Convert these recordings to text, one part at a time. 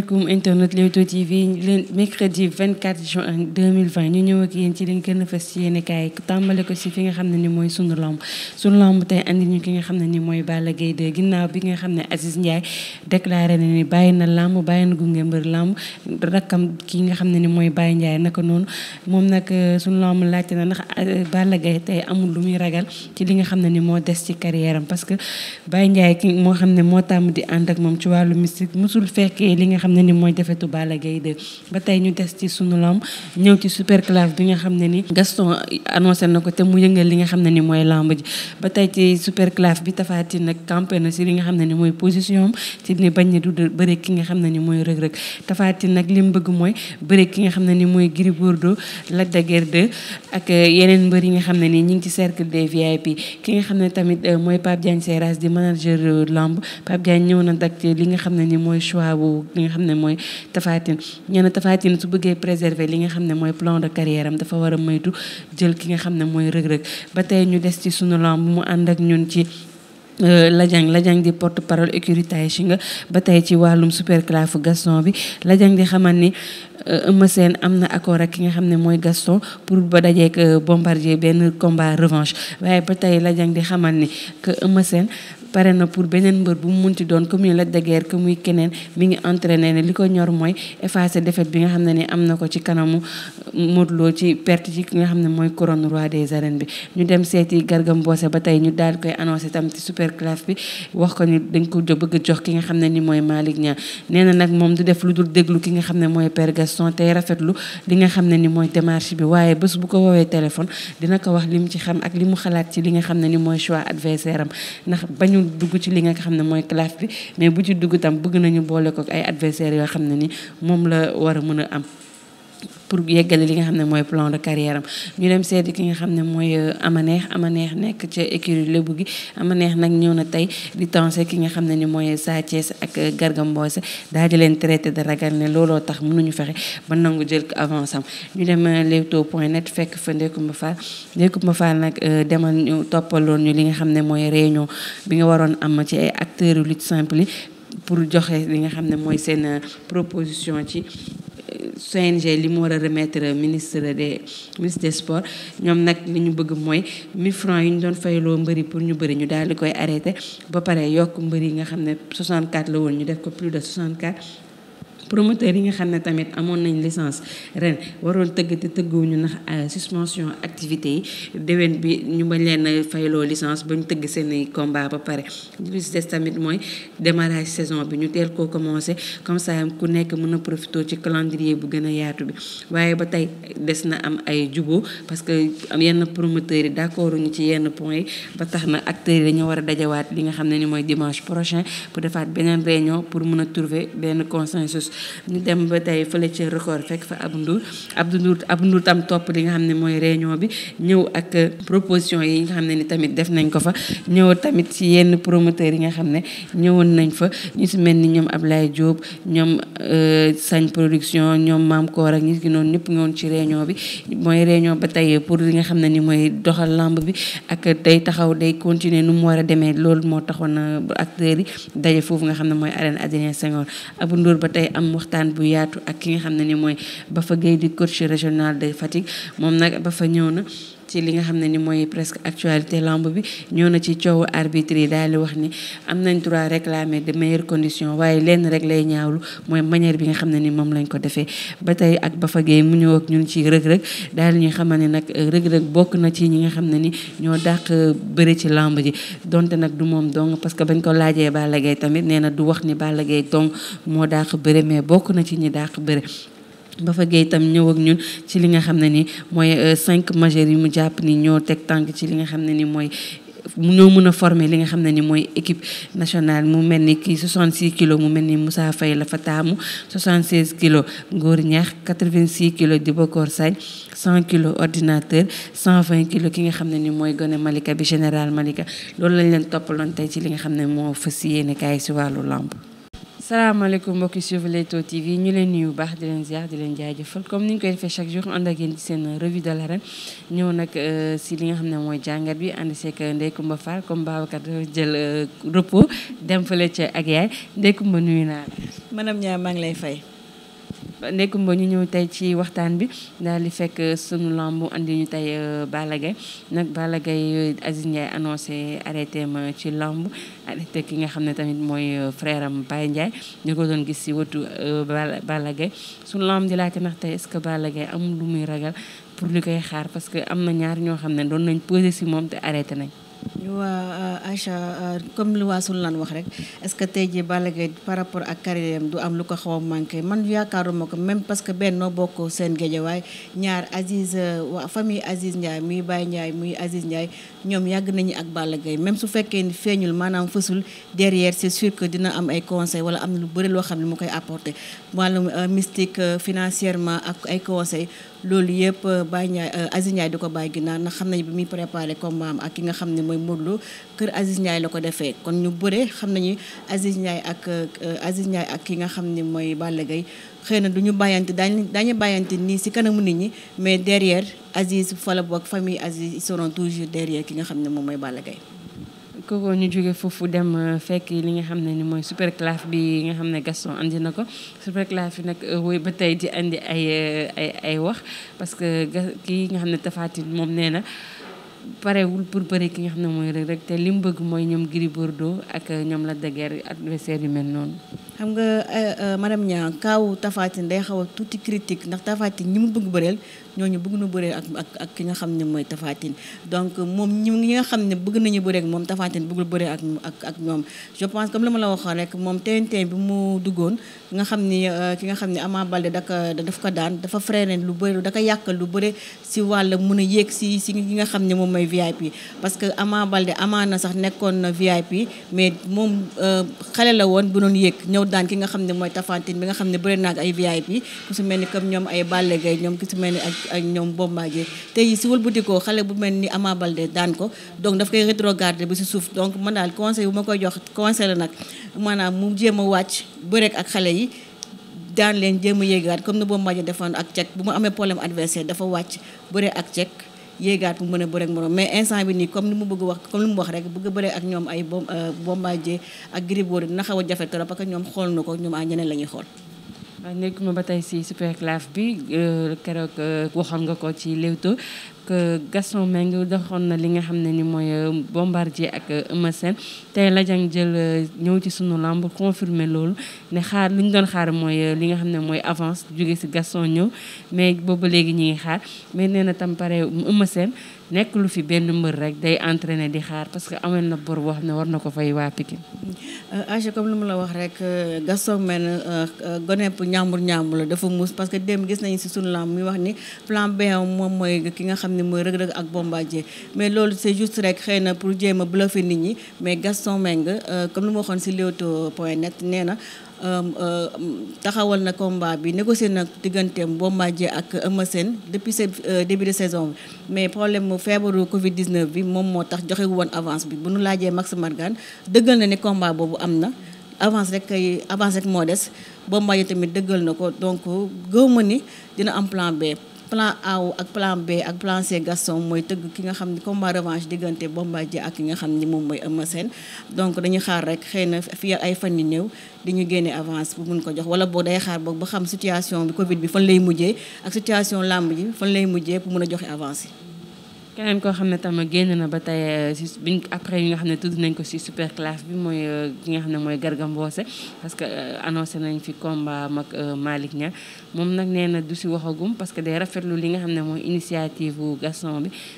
asalaamaaleykum internet Leewtoo TV leen mercredi 24 juin 2020 ñu ñëw ak yéen ci li gën a fës ci yéen kaay tàmbale ko si fi nga xam ne ni mooy sunu lamb sunu lamb tey andi ñu ki nga xam ne ni mooy Balla Gaye 2 ginnaaw bi nga xam ne Aziz Ndiaye na bàyyi na lamb bàyyi na gunge mbër lamb rakkam ki nga xam ne ni mooy bàyyi Ndiaye naka noonu moom nag euh, sunu lamb laajte na ndax euh, Balla Gaye tey amul lu muy ragal ci li nga xam ne ni moo des ci carrière am parce que Baye Ndiaye ki moo xam ne moo tàmm di ànd ak moom ci wàllu mystique xam ne ni mooy defetu Balla Gaye 2 ba tey ñu des ci sunu lamb ñëw ci super classe bi nga xam ne ni Gaston annoncé na ko te mu yëngal li nga xam ne ni mooy lamb ji ba tey ci super classe bi Tapha Tine na si li nga xam ne ni mooy position am ci ni bañ ne du bëre ki nga xam ne ni mooy Reug Reug Tapha Tine nag li mooy bëre ki nga xam ne ni mooy Gris Bordeaux Lac de ak euh, yeneen mbër yi nga xam ne ni ñi ngi ci cercle des VIP ki nga xam ne tamit euh, mooy Pape Diagne Seras di manager euh, lamb Pape Diagne ñëw na dak li nga xam ne ni mooy choix bu nga xam ne mooy Tapha Tine nee na su bëggee préserver li nga xam ne mooy plan de carrière am dafa war a du jël ki nga xam ne mooy rëg-rëg ba tey ñu des ci sunu lamb mu ànd ak ñun ci euh, Lajang Lajang di porte parole écurie Taïchinga ba tey ci wàllum super classe Gaston bi Lajang di xamal ni euh, Eumeu Sène am na accord ak ki nga xam ne mooy Gaston pour ba dajeek euh, bombardier benn combat revanche waaye ba tey Lajang di xamal ni que Eumeu Sène pare na pour beneen mbër bu mu munti doon comme ni Lac de Guiers muy keneen mi ngi entraîné ne li ko ñor mooy effacer défaite bi nga xam ne ni am na ko ci kanamu Modou ci perte ki nga xam ne mooy couronne roi des arènes bi ñu dem seeti Garga Mbossé ba tey ñu daal koy annoncé tam super ko ni dañ ko bëgg a jox ki nga xam ne ni mooy Malick Niang nee na nag moom du def lu dul déglu ki nga xam ne mooy Père Gaston tey rafetlu li nga xam ne ni mooy démarche bi waaye bés bu ko woowee téléphone dina ko wax li mu ci xam ak li mu xalaat ci li nga xam ne ni mooy choix adversaire am ndax bañu dugg ci li nga xam ne mooy classe bi mais bu ci dugg tam bëgg nañu boole ko ay adversaires yoo xam ne ni moom la war a mën a am. pour yeggale li nga xam ne mooy plan de carrière am ñu dem seeti ki nga xam ne mooy euh, Amaneex Amaneex nekk ca écurie Lebu gi Amaneex nag ñëw na tey di tancé ki nga xam ne ni mooy Sa Thiès ak Garga Mbossé daal di leen traité de ragal ne looloo tax ñu fexe ba nangu jël ko avance am ñu dem euh, Leewtoo point net fekk fa Ndékumba Fall Ndékumba Fall nag euh, demal ñu toppaloon ñu li nga xam ne mooy réunion bi nga waroon am ci ay acteurs lutte simple yi pour joxe li nga xam ne mooy seen proposition ci CNG li mu war a remettre ministre des ministre des sports ñoom nag li ñu bëgg mooy 1000 francs yi ñu doon fayloo mbëri pour ñu bëri ñu daal di koy arrêté ba pare yokk mbëri yi nga xam ne 64 la woon ñu def ko plus de 64 promoteur yi nga xam ne tamit amoon nañ licence ren waroon tëgg te tëgg ñu ndax euh, suspension activité yi déwén bi ñu bañ leen fayloo licence ba ñu tëgg seeni combat ba pare lu si tamit mooy démarrage saison bi ñu teel koo commencé comme ça ku nekk mën na profité ci calendrier bu gën a yaatu bi waaye ba tey des na am ay juboo parce que yenn promoteurs yi d'accord ñu ci yenn point yi ba tax na acteurs yi dañoo war a dajawaat li nga xam ne ni mooy dimanche prochain pour defaat beneen réunion pour mën a trouver benn consensus ñu dem ba tey fële ci record fekk fa Abdou Ndour Abdou Ndour tam topp li nga xam ne mooy réunion bi ñëw ak euh, proposition yi nga xam ne ni tamit def nañ ko fa ñëw tamit ci yenn promoteurs yi nga xam ne ñëwoon nañ fa ñu si mel ni ñoom ab Ablaye Diop ñoom euh, Sañ production ñoom Maam Koor ak ñi si noonu ñëpp ñëwoon ci réunion bi mooy réunion ba tey pour li nga xam ne ni mooy doxal lamb bi ak day taxaw day continuer nu mu war a demee loolu moo taxoon euh, acteurs yi daje foofu nga xam ne mooy arène Adrien Senghor waxtaan bu yaatu ak ki nga xam ne ni mooy ba fa gëy di coach régional de Fatick moom nag Bafa ñëw na ci li nga xam ne ni mooy presque actualité lamb bi ñëw na ci coow arbitre yi daal di wax ni am nañ droit réclamer de meilleures conditions waaye lenn rek lay ñaawlu mooy manière bi nga xam ne ni moom lañ ko defee ba tey ak ba fagee mu ñëw ak ñun ci rëg-rëg daal ñuy xamal ne nag rëg-rëg bokk na ci ñi nga xam ne ni ñoo dàq bëre ci làmb ji donte nag du moom dong parce que bañ ko laajee Balla Gaye tamit nee na du wax ni Balla Gaye dong moo dàq bëre mais bokk na ci ñi dàq bëre Bafa Gueye itam ñëw ak ñun ci li nga xam ne ni mooy euh, cinq majeurs yi mu jàpp ni ñoo teg tànk ci li nga xam ne ni mooy mu ñoo mën a former li nga xam ne ni mooy équipe nationale mu mel ni kii 66 kilos mu mel ni Moussa Faye la fa taamu 76 kilos Ngor Ñaax 86 kilos Dibakor Sagne 100 kilos ordinateur 120 kilos ki nga xam ne ni mooy gone Malika bi général Malika loolu lañu leen toppaloon tey ci li nga xam ne moo fas yéene kaay si wàllu lamb salaamaaleykum mbokki suivre Leewtoo TV ñu leen nuyu baax di leen ziar di leen jaajëfal comme ni ñu koy defee chaque jour ànd ak yéen ci seen revue de l'arène ñëw nag si euh, li nga xam ne mooy jàngat bi ànd seeg Ndeye Coumba Fall comme Babacar jël euh, repos dem fële ca ak yaay Ndeye Coumba nuyu naa la. madame Niang maa ngi lay fay. nekk mba ñu ñëw tey ci waxtaan bi daal di fekk sunu làmb andi ñu tey euh, Balla Gaye nag Balla Gaye euh, Aziz Ndiaye annoncé arrêté ma ci lamb arrêté ki nga xam ne tamit mooy euh, frère am Baye Ndiaye ñu ko doon gis si wëtu Balla Gaye sunu lamb di laajte ndax tey est-ce que Balla Gaye amul lu muy ragal pour li koy xaar parce que am na ñaar ñoo xam ne doon nañ posé si moom te arrêté nañ waa ah, ah, ah, comme li waa suñu lan wax rek est-ce que tey jii Balla Gaye par rapport ak carrière du am lu ko xaw a manqué man yaakaaruma ko même parce que benn noo bokk seen géejawaay ñaar Aziz waa famille Aziz Ndiaye muy Baye Ndiaye muy Aziz Ndiaye ñoom yàgg nañu ak Balla Gaye même su fekkee ni feeñul maanaam fësul derrière c'est sûr que dina am ay conseil wala am na lu bëri loo xam ne mu koy apporter wàllum euh, mystique euh, financièrement ak ay conseils loolu yëpp euh, Baye Ndiaye Aziz ko bàyyi ginnaaw ndax xam nañu bi muy préparé combat am ak ki nga xam ne mooy Modou kër Aziz la ko defee kon ñu bëre xam nañu Aziz Ndiaye ak Aziz ak ki nga xam ni mooy Balla Gaye xëy na du ñu bàyyante daañu daañu bàyyante nii si kanamu nit ñi mais derrière Aziz Fala bokk famille Aziz ils seront toujours derrière ki nga xam ne moom mooy Balla Gaye kooku ñu jóge foofu dem euh, fekk li nga xam ne ni mooy super classe bi nga xam ne Gaston andi na ko super classe bi nag euh, woy ba tey di indi ay euh, ay ay wax parce que ki nga xam ne Tapha moom nee na. parewul pour bëri ki nga xam ne mooy Reug Reug te li mu bëgg mooy ñoom Gris Bordeaux ak ñoom la de Guiers adversaire yu mel noonu. xam nga euh, euh, madame Niang kaawu Tapha Tine day xaw a tuuti critique ndax Tapha ñi mu bëgg bëreel ñooñu bëgg na bëree ak ak ak ki nga xam ne mooy Tapha donc moom ñi nga xam ne bëgg nañu bëree ak moom Tapha Tine bëggul la waxoon rek moom TNT bi xam ni euh, ki nga xam ne Ama Baldé daka daf ko daan dafa freiné lu bëri daka yàqal lu bëri si wàll mun a si si ki nga xam ne moom mooy VIP parce que Ama Baldé amaana sax nekkoon na VIP mais moom euh, xale la woon bu doon yéeg ñëw daan ki nga xam ne mooy Tapha Tine bi nga xam ne bëri naag ay VIP ku si mel ni comme ñoom ay Balla Gaye ñoom ku si mel ni ak ak ñoom Bombardier tey si wëlbatikoo xale bu mel ni Ama Baldé daan ko donc daf koy rétrograder bi si suuf donc man daal conseil bu ma koy jox conseil la maanaam mu jéem a wàcc bëreek ak xale yi daan leen jéem a yéegaat comme ni Bombardier defoon ak cek bu mu amee problème adversaire dafa wàcc bëre ak cek yéegaat mu mën a bëre ak morom mais instant bi nii comme ni mu bëgg wax comme ni mu wax rek bëgg a bëre ak ñoom ay euh, Bombardier ak Gris Bordeaux na xaw a jafe trop parce que ñoom xool na ko ñoom a ñeneen la ñuy xool waaw nekkuma ba tey si super classe bi euh, keroog euh, waxoon nga ko ci Leewtoo que Gaston Mbengue doxoon na li nga xam ne ni mooy euh, bombardier ak Eumeu te tey Ladiang jël ñëw ci sunu lamb confirmer loolu ne xaar li ñu doon xaar mooy li nga xam ne mooy avance jóge si Gaston ñëw mais boobu léegi ñu ngi xaar mais nee na tam pare Eumeu Sène nekk lu fi benn mbër rek day entraîné di xaar parce que amoon na bor boo xam ne war na ko fay waa Pikine. Euh, Aïcha comme lu mu la wax rek euh, Gaston mel euh, gone bu ñaambur ñaambur la dafa muus parce que dem gis nañu si sunu lamb muy wax ni plan B moom mooy ki nga xam ne mooy rëg-rëg ak bombardier mais loolu c'est juste rek xëy na pour jéem a bluffé nit ñi mais Gaston Mbengue comme lu ma waxoon si Leewtoo point net nee na. Euh, euh, taxawal na combat bi négocié na digganteem Bombardier ak Eumeu depuis ce euh, début de saison bi mais problème mu feebaru Covid 19 bi moom moo tax joxe woon avance bi bu nu laajee Max Margan dëggal na ni combat boobu am na avance rek kay avance rek moo des Bombardier tamit dëggal na ko donc gëw ma ni dina am plan B. plan A ak plan B ak plan C Gaston mooy tëgg ki nga xam ne combat revanche diggante Bombardier ak ki nga xam ni moom mooy Eumeu Sène donc dañu xaar rek xëy na fii ay fan yu néew di ñu génne avance bu mun ko jox wala boo day xaar boog ba xam situation bi Covid bi fan lay mujjee ak situation làmb ji fan lay mujjee pour mun a joxe avance yi keneen koo xam ne tam a génn na ba tey euh, si biñ après yi nga xam ne tudd nañ ko si super classe bi mooy euh, ki nga xam ne mooy Garga Mbossé parce que euh, annoncé nañ fi combat mag Malick Niang moom nag nee na du si waxagum parce que day rafetlu li nga xam ne mooy initiative bu bi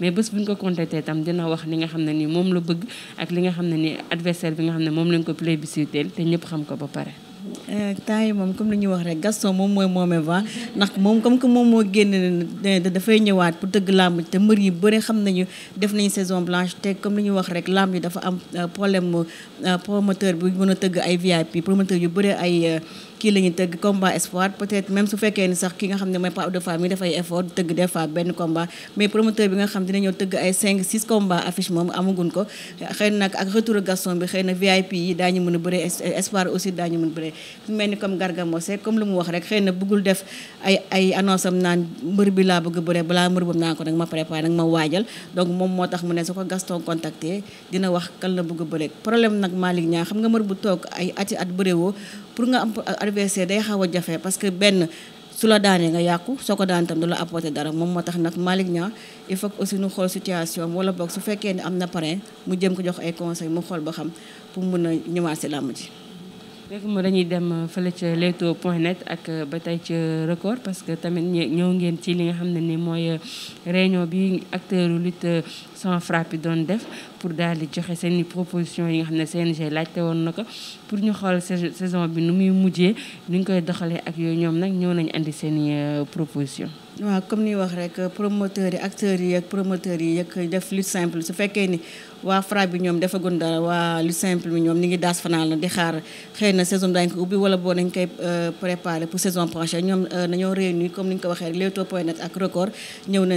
mais bés buñ ko contacté tam dina wax li nga xam ne ni moom la bëgg ak li nga xam ne ni adversaire bi nga xam ne moom lañ ko plébiscité te ñëpp xam ko ba pare Euh, temps yi moom comme li ñuy wax rek Gaston moom mooy moome va ndax moom comme que moom moo génn dafay ñëwaat pour tëgg làmb te mbër yi bëri xam nañu def nañu saison blanche te comme li ñuy wax rek làmb yi dafa am euh, problème euh, promoteur bi mën a tëgg ay VIP promoteur yu bëri ay kii la ñuy tëgg combat espoir peut-être su fekkee ni sax ki nga xam ne mooy paa de famille dafay effort tëgg des fois benn combat mais promoteur bi nga xam na nag bi xëy na VIP yi daañu mën a bëree espoir aussi daañu mën a bëree mel ni comme Garga Mbossé laa bëgg bëree balaa mbër boobu naa ko nag ma préparé nag ma moom moo tax mu ne su ko Gaston contacté dina wax kan la bëgg bëree problème nag xam nga mbër bu toog ay ati at bëree pour nga am adversaire day xaw a jafe parce que benn su la daanee nga yàqu soo ko daan tam du la apporter dara moom moo tax nag Malick Niang il faut aussi ñu xool situation wala boog su fekkee ne am na parrain mu jëm ko jox ay conseil mu xool ba xam pour mun a ñëwaat si làmb ji dëgg mo dañuy dem fële ca leewtoo point net ak euh, ba tey ca record parce que tamit ñëw ngeen ci li nga xam ne ni mooy euh, réunion bi acteur lutte euh, sans frappe yi doon def pour daal di joxe seen i proposition yi nga xam ne CNG laajte woon na ko pour ñu xool saison bi nu muy mujjee ni ñu koy doxalee ak yooyu ñoom nag ñëw nañ indi seen i proposition waaw comme ni wax rek promoteurs yi acteurs yi ak promoteurs yi yëg def lutte simple su fekkee ni waa Fra bi ñoom defagun dara waa lutte simple bi ñoom ni ngi daas fanaan la di xaar xëy na saison daañu ko ubbi wala boo nañ koy euh, préparer pour saison prochaine ñoom nañoo euh, réunir comme ni ko waxee rek Leewtoo point net ak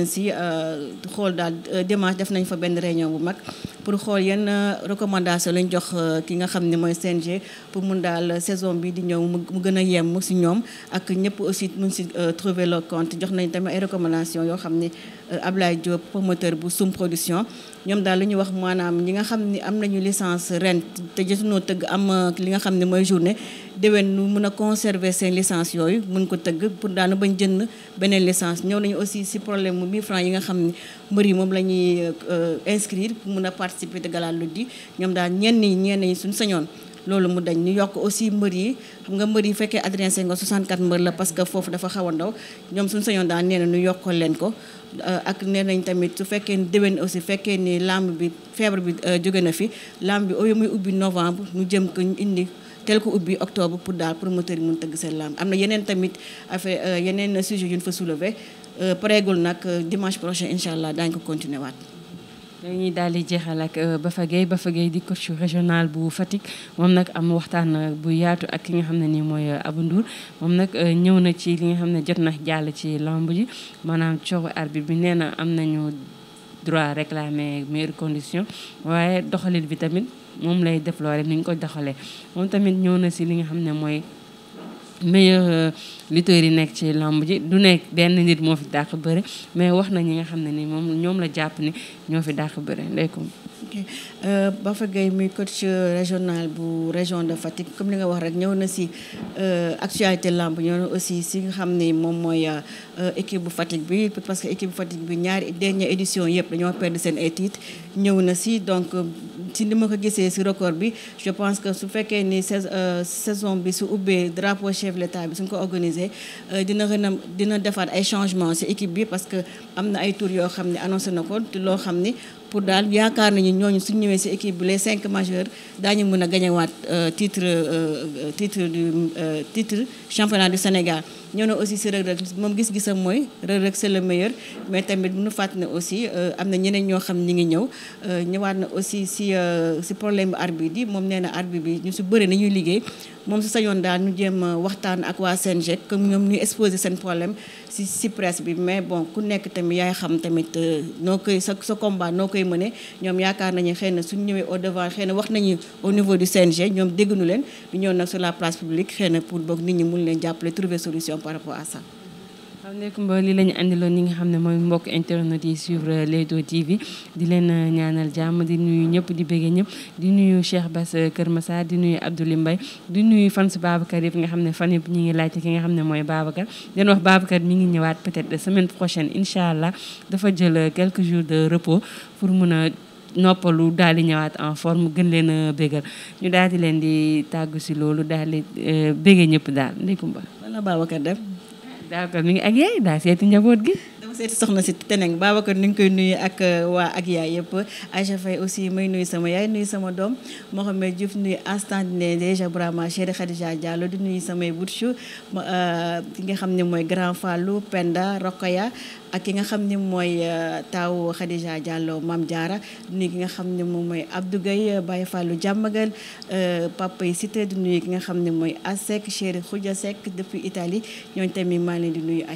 si euh, xool daal dimanche def nañ fa benn réunion bu mag pour xool yenn recommandation lañ jox ki nga xam ni mooy CNG pour mun daal saison bi di ñëw mu gën a yem si ñoom ak ñëpp aussi mun si trouver leur compte jox nañ nañ tamit ay recommandation yoo xam ne euh, Ablaye Diop promoteur bu Soum production ñoom daal li ñu wax maanaam ñi nga xam ne am nañu licence ren te noo tëgg am euh, li nga xam ne mooy journée déwén nu mun a conserver seen licence yooyu mun ko tëgg pour daanu bañ jënd beneen licence ñëw nañu aussi si problème mu 1000 francs yi nga xam ne mbër yi moom la ñuy euh, inscrire mun a participer te galaat lu di ñoom daal ñenn ñi ñenn ñi suñu sañoon loolu mu dañ ni yokk aussi mbër yi xam nga mbër yi fekkee Adrien Senghor 64 mbër la parce que foofu dafa xaw a ndaw ñoom suñu sañoon daan nee na ñu leen ko euh, ak nee nañ tamit su fekkee ni déwén aussi fekkee ni lamb bi feebar bi euh, jóge na fi lamb bi au lieu muy ubbi novembre mu jëm ko indi tel ko ubbi octobre pour daal promoteur yi mun tëgg seen lamb am na yeneen tamit affaire euh, yeneen sujet yu ñu fa soulever pareegul nag dimanche prochain incha allah daañu ko continuer waat dañuy daal di jeexal ak euh, Bafa Gueye di coach régional bu Fatick moom nag am waxtaan euh, bu yaatu ak ki nga xam ne nii mooy euh, Abou Ndour moom nag ñëw na ci li nga xam ne jot na jàll ci lamb ji maanaam coowu arbitre bi nee na am nañu droit réclamer meilleure condition waaye doxalin bi tamit moom lay déplorer ni ñu ko doxalee moom tamit ñëw na si li nga xam ne mooy meilleur euh, lutteur yi nekk ci lamb ji du nekk benn nit moo fi dàq bëre mais wax na ñi nga xam ne ni moom ñoom la jàpp ni ñoo fi dàq bëre ndeykum Euh, ba Gueye muy coach régional bu région de Fatick comme li nga wax rek ñëw na si euh, actualité lamb ñëw na aussi si nga xam ne moom mooy euh, équipe bu Fatick bi parce que équipe bu Fatick bi ñaari dernière édition yëpp dañoo perdre seen ay titres ñëw na si donc si li ma ko gisee si record bi je pense que su fekkee ni saison bi su ubbee drapeau chef de bi suñ ko organisé dina gën dina defaat ay changements si équipe bi parce que am na ay tour yoo xam ne annoncé na ko loo xam ni pour daal yaakaar nañu ñooñu suñ ñëwee ci équipe bi les cinq majeurs daañu mën a gañewaat euh, titre euh, euh, titre du titre championnat du Sénégal ñëw na aussi si Reug Reug moom gis-gisam mooy Reug Reug c'est le mais tamit bu ñu fàtt ne aussi euh, am na ñeneen ñoo xam ñi ngi ñëw euh, ñëwaat na aussi si euh, si problème bi arbitre yi moom nee na arbitre bi ñu si bëri nañuy liggéey moom su sañoon daal ñu jéem waxtaan ak waa CNG comme ñoom ñuy exposé seen problème si si bi mais bon ku nekk tamit yaay xam tamit noo koy sa sa combat noo koy mëne ñoom yaakaar nañu xëy na suñu ñëwee au devant xëy na wax nañu au niveau du CNG ñoom dégguñu leen ñu ñëw nag sur la place publique xëy na pour boog nit ñi mun leen jàppale trouver solution opinion par rapport à ça. maaleykum lii la ñu andiloon ñi nga xam ne mooy mbokk internet yi suivre euh, Leewtoo TV di leen euh, ñaanal jàmm di nuyu ñëpp di bëggee ñëpp di nuyu Cheikh Bass euh, Kër Massar di nuyu Abdoulaye Mbaye di nuyu fans Babacar yëpp nga xam ne fan yëpp ñu ngi laajte ki nga xam ne mooy Babacar den wax Babacar mi ngi ñëwaat peut-être semaine prochaine incha allah dafa jël quelques jours de repos pour mun a. noppalu daal di ñëwaat en forme gën leen a bégal ñu daal di leen di tàggu si loolu daal di euh, bége ñëpp daal ndeykumba. wala Babacar Deme. d'accord mi ngi ak yaay daa seeti njaboot gi. seeti soxna si teneng Babacar ni koy nuyu ak uh, waa ak yaay yëpp Aïcha Faye aussi may nuyu sama yaay nuyu sama doom Mohamed Diouf nuyu astandine déjà Brahma Chéri Khadija Diallo di nuyu samay butchu uh, ki nga xam ne mooy Grand Fallou Penda Rokhaya ak ki nga xam ne mooy uh, taaw Khadija Diallo Mam jaara di nuyu ki nga xam ne moom mooy Abdou Gueye Baye Fallou Diamagal Papa yi Cité di nuyu ki nga xam ne mooy Asek Chéri Khoudia Seck depuis Italie ñooñu tamit maa di nuyu